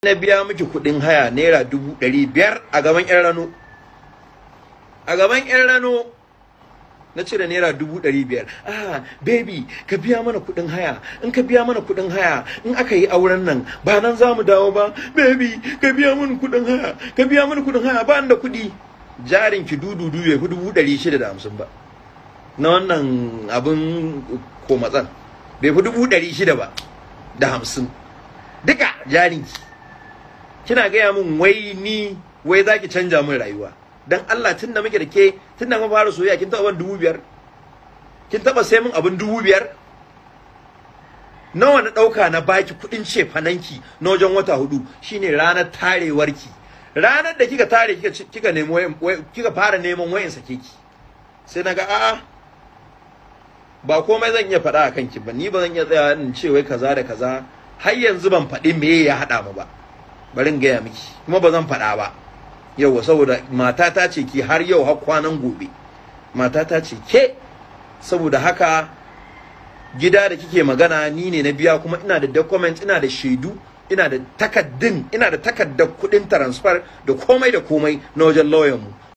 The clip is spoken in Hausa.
na biya miki kuɗin haya naira dubu ɗari biyar a gaban ƴan rano a gaban ƴan rano na cire naira dubu ɗari biyar ah baby ka biya mana kuɗin haya in ka biya mana kuɗin haya in aka yi auren nan ba nan za mu dawo ba baby ka biya mana kuɗin haya ka biya mana kuɗin haya ba da kuɗi jarin ki dudu dubu ya dubu ɗari shida da hamsin ba na wannan abin komatsan bai fi dubu ɗari shida ba da hamsin duka jarin ki kina gaya min wai ni wai zaki canja min rayuwa dan Allah tun muke da ke tun mun fara soyayya kin taba dubu biyar kin taba sai min abin dubu biyar nawa na dauka na baki kudin ce fananki na wajen wata hudu shine ranar tarewarki ranar da kika tare kika kika nemo kika fara neman wayan sake ki sai naga a'a ba komai zan iya faɗa a kanki ba ni ba zan iya tsaya in ce wai kaza da kaza har yanzu ban faɗi me ya haɗa mu ba bari gaya miki kuma ba zan faɗa ba yauwa saboda matata ce ki har yau har kwanan gobe matata ce ke saboda haka gida da kike magana ni ne na biya kuma ina da document ina da shaidu ina da takaddun ina da takaddar kuɗin transfer da komai da komai na wajen mu